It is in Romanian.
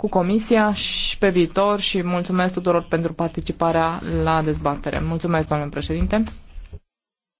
cu Comisia și pe viitor și mulțumesc tuturor pentru participarea la dezbatere. Mulțumesc, doamne președinte!